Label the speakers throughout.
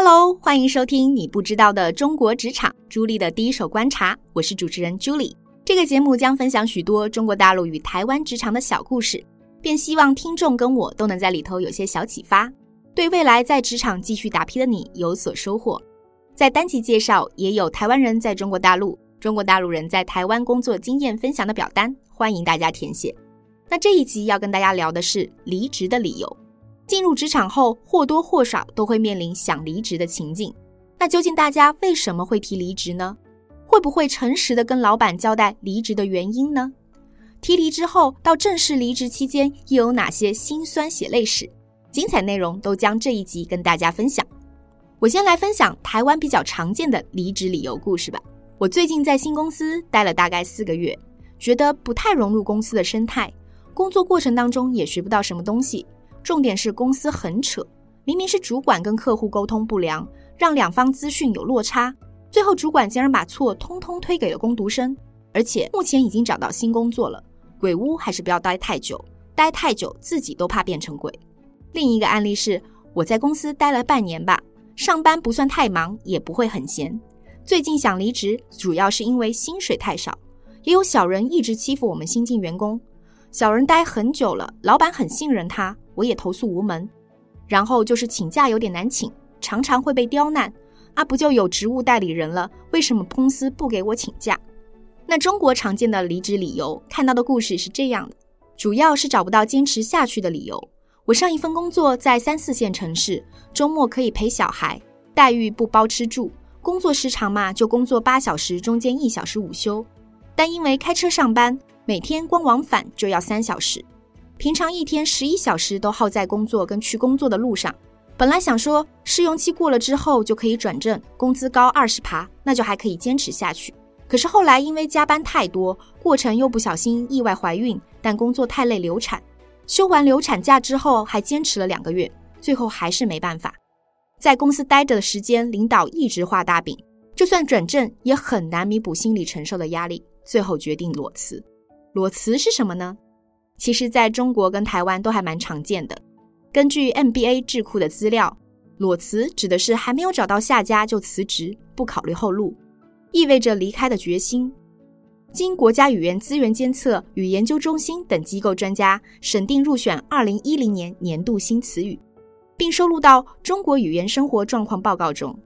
Speaker 1: 哈囉，歡迎收聽你不知道的中國職場朱俐的第一手觀察，我是主持人朱俐。這個節目將分享許多中國大陸與台灣職場的小故事，便希望聽眾跟我都能在裡頭有些小啟發，對未來在職場繼續打拼的你有所收穫。在單集介紹也有台灣人在中國大陸、中國大陸人在台灣工作經驗分享的表單，歡迎大家填寫。那這一集要跟大家聊的是離職的理由。進入職場後，或多或少都會面臨想離職的情境。那究竟大家為什麼會提離職呢？會不會誠實的跟老闆交代離職的原因呢？提離職後到正式離職期間，又有哪些辛酸血淚史？精彩內容都將這一集跟大家分享。我先來分享台灣比較常見的離職理由故事吧。我最近在新公司待了大概四個月，覺得不太融入公司的生態，工作過程當中也學不到什麼東西。重點是公司很扯，明明是主管跟客戶溝通不良，讓兩方資訊有落差，最後主管竟然把錯通通推給了工讀生，而且目前已經找到新工作了。鬼屋還是不要待太久，待太久自己都怕變成鬼。另一個案例是，我在公司待了半年吧，上班不算太忙，也不會很閒。最近想離職，主要是因為薪水太少，也有小人一直欺負我們新進員工，小人待很久了，老板很信任他。我也投訴無門，然後就是請假有點難請，常常會被刁難。啊，不就有職務代理人了？為什麼公司不給我請假？那中國常見的離職理由，看到的故事是這樣的，主要是找不到堅持下去的理由。我上一份工作在三四線城市，周末可以陪小孩，待遇不包吃住，工作時長嘛就工作八小時，中間一小時午休。但因為開車上班，每天光往返就要三小時。平常一天十一小時都耗在工作跟去工作的路上，本來想說試用期過了之後就可以轉正，工資高二十趴，那就還可以堅持下去。可是後來因為加班太多，過程又不小心意外懷孕，但工作太累流產，休完流產假之後還堅持了兩個月，最後還是沒辦法。在公司待着的時間，領導一直畫大餅，就算轉正也很難彌補心理承受的壓力，最後決定裸辭。裸辭是什麼呢？其實，在中國跟台灣都還蠻常見的。根據 MBA 智庫的資料，裸辭指的是還沒有找到下家就辭職，不考慮後路，意味着離開的決心。經國家語言資源監測與研究中心等機構專家審定，入選2010年年度新詞語，並收錄到《中國語言生活狀況報告》中。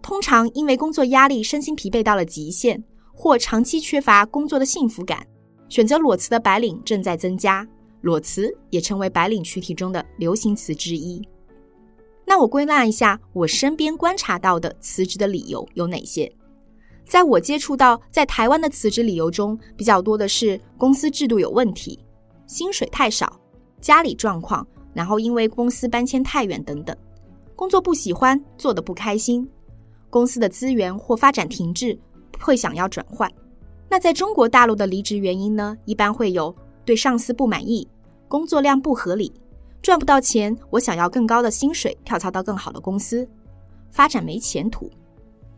Speaker 1: 通常因為工作壓力、身心疲憊到了極限，或長期缺乏工作的幸福感。選擇裸辭的白領正在增加，裸辭也成為白領群體中的流行詞之一。那我歸納一下，我身邊觀察到的辭職的理由有哪些？在我接觸到在台灣的辭職理由中，比較多的是公司制度有問題、薪水太少、家裡狀況，然後因為公司搬遷太遠等等，工作不喜歡，做得不開心，公司的資源或發展停滯，會想要轉換。那在中國大陸的離職原因呢？一般會有對上司不滿意、工作量不合理、賺不到錢、我想要更高的薪水、跳槽到更好的公司、發展沒前途。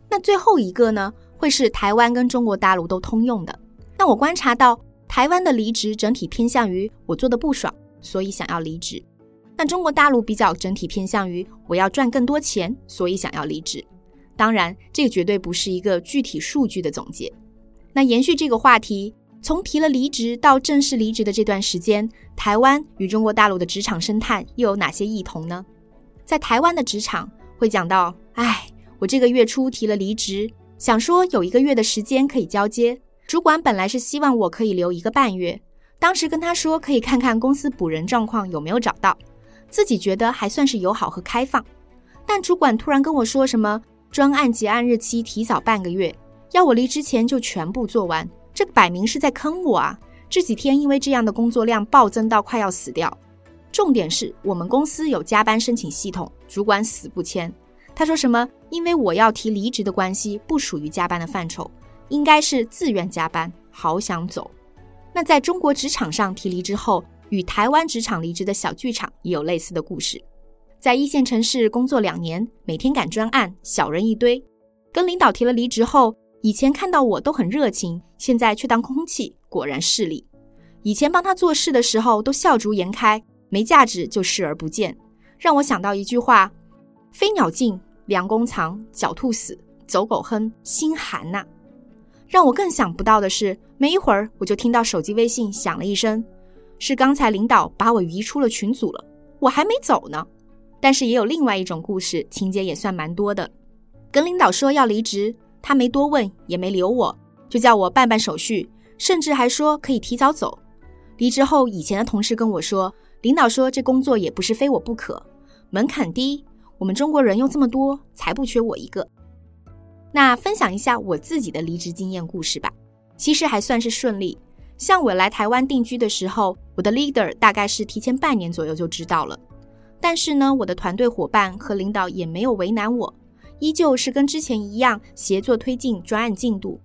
Speaker 1: 那最後一個呢，會是台灣跟中國大陸都通用的。那我觀察到，台灣的離職整體偏向於我做得不爽，所以想要離職；那中國大陸比較整體偏向於我要賺更多錢，所以想要離職。當然，這個絕對不是一個具體數據的總結。那延續這個話題，從提了離職到正式離職的這段時間，台灣與中國大陸的職場生態又有哪些異同呢？在台灣的職場會講到，哎，我這個月初提了離職，想說有一個月的時間可以交接。主管本來是希望我可以留一個半月，當時跟他說可以看看公司補人狀況有沒有找到，自己覺得還算是友好和開放。但主管突然跟我說什麼，專案結案日期提早半個月。要我離職前就全部做完，這個擺明是在坑我啊！這幾天因為這樣的工作量暴增到快要死掉。重點是我們公司有加班申請系統，主管死不簽。他說什麼？因為我要提離職的關係，不屬於加班的範疇，應該是自願加班。好想走。那在中國職場上提離職後，與台灣職場離職的小劇場也有類似的故事。在一線城市工作兩年，每天趕專案，小人一堆。跟領導提了離職後。以前看到我都很熱情，現在卻當空氣，果然勢利。以前幫他做事的時候都笑逐顏開，沒價值就視而不見，讓我想到一句話：“飛鳥盡，良弓藏；狡兔死，走狗烹。”心寒吶、啊！讓我更想不到的是，沒一會兒我就聽到手機微信響了一聲，是剛才領導把我移出了群組了。我還沒走呢。但是也有另外一種故事情節也算蠻多的。跟領導說要離職。他沒多問，也沒留我，就叫我辦辦手續，甚至還說可以提早走。離職後，以前的同事跟我說，領導說這工作也不是非我不可，門檻低，我們中國人又這麼多，才不缺我一個。那分享一下我自己的離職經驗故事吧，其實還算是順利。像我來台灣定居的時候，我的 leader 大概是提前半年左右就知道了，但是呢，我的團隊伙伴和領導也沒有為難我。依舊是跟之前一樣，協作推進專案進度。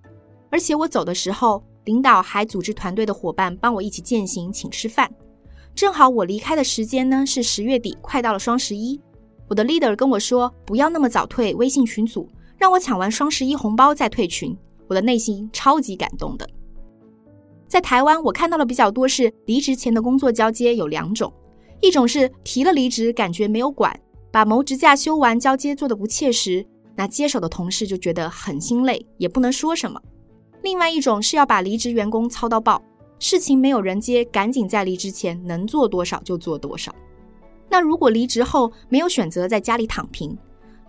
Speaker 1: 而且我走的時候，領導還組織團隊的夥伴幫我一起餞行，請吃飯。正好我離開的時間呢是十月底，快到了雙十一。我的 leader 跟我說，不要那麼早退微信群組，讓我搶完雙十一紅包再退群。我的內心超級感動的。在台灣，我看到的比較多是離職前的工作交接有兩種，一種是提了離職，感覺沒有管。把謀職假休完，交接做得不切實，那接手的同事就覺得很心累，也不能說什麼。另外一種是要把離職員工操到爆，事情沒有人接，趕緊在離職前能做多少就做多少。那如果離職後沒有選擇在家裡躺平，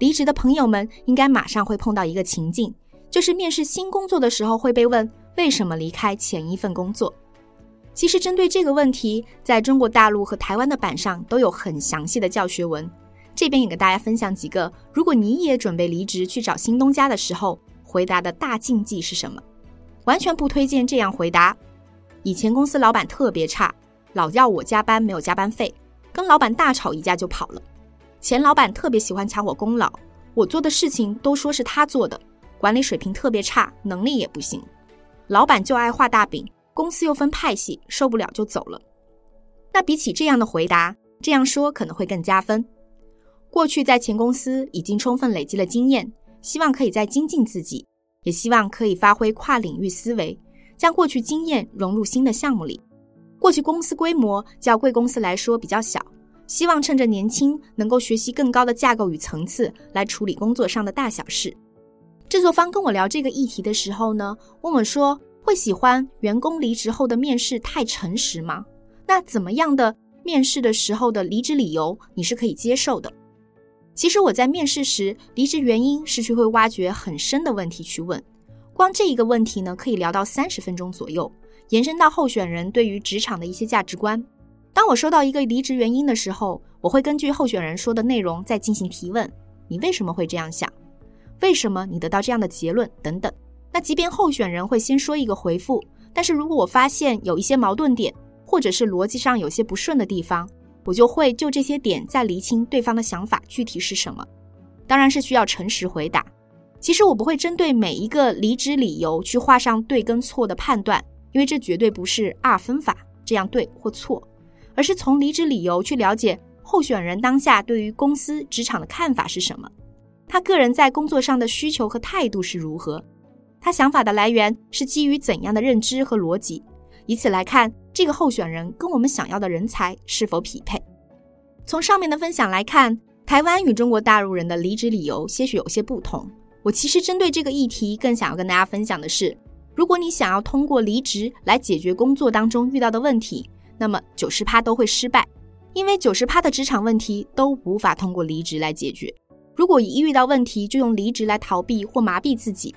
Speaker 1: 離職的朋友們應該馬上會碰到一個情境，就是面試新工作的時候會被問為什麼離開前一份工作。其實針對這個問題，在中國大陸和台灣的版上都有很詳細的教學文。這邊也給大家分享幾個，如果你也準備離職去找新東家的時候，回答的大禁忌是什麼？完全不推薦這樣回答。以前公司老板特別差，老要我加班，沒有加班費，跟老板大吵一架就跑了。前老板特別喜歡搶我功勞，我做的事情都說是他做的，管理水平特別差，能力也不行。老板就愛畫大餅，公司又分派系，受不了就走了。那比起這樣的回答，這樣說可能會更加分。過去在前公司已經充分累積了經驗，希望可以再精進自己，也希望可以發揮跨領域思維，將過去經驗融入新的項目裡。過去公司規模較貴公司來說比較小，希望趁着年輕能夠學習更高的架構與層次來處理工作上的大小事。製作方跟我聊這個議題的時候呢，問我說，會喜歡員工離職後的面試太誠實嗎？那怎麼樣的面試的時候的離職理由你是可以接受的？其實我在面試時，離職原因是去會挖掘很深的問題去問，光這一個問題呢，可以聊到三十分鐘左右，延伸到候選人對於職場的一些價值觀。當我收到一個離職原因的時候，我會根據候選人說的內容再進行提問：你為什麼會這樣想？為什麼你得到這樣的結論？等等。那即便候選人會先說一個回覆，但是如果我發現有一些矛盾點，或者是邏輯上有些不順的地方。我就會就這些點再釐清對方的想法具體是什麼，當然是需要誠實回答。其實我不會針對每一個離職理由去畫上對跟錯的判斷，因為這絕對不是二分法，這樣對或錯，而是從離職理由去了解候選人當下對於公司職場的看法是什麼，他個人在工作上的需求和態度是如何，他想法的來源是基於怎樣的認知和邏輯。以此來看，這個候選人跟我們想要的人才是否匹配？從上面的分享來看，台灣與中國大陸人的離職理由些許有些不同。我其實針對這個議題，更想要跟大家分享的是：如果你想要通過離職來解決工作當中遇到的問題，那麼九十趴都會失敗，因為九十趴的職場問題都無法通過離職來解決。如果一遇到問題就用離職來逃避或麻痹自己。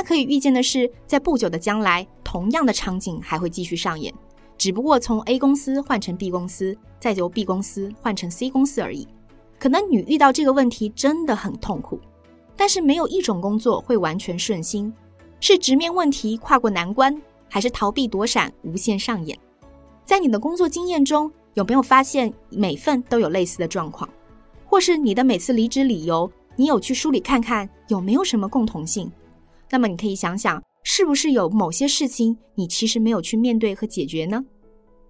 Speaker 1: 他可以預見的是，在不久的將來，同樣的場景還會繼續上演，只不過從 A 公司換成 B 公司，再由 B 公司換成 C 公司而已。可能你遇到這個問題真的很痛苦，但是沒有一種工作會完全順心，是直面問題跨過難關，還是逃避躲閃，無限上演？在你的工作經驗中，有沒有發現每份都有類似的狀況，或是你的每次離職理由，你有去梳理看看有沒有什麼共同性？那麼你可以想想，是不是有某些事情你其實沒有去面對和解決呢？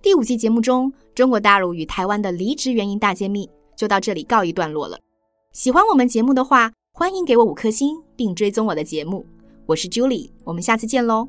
Speaker 1: 第五期節目中，中國大陸與台灣的離職原因大揭秘就到這裡告一段落了。喜歡我們節目的話，歡迎給我五顆星，並追蹤我的節目。我是 Julie，我們下次見嘍。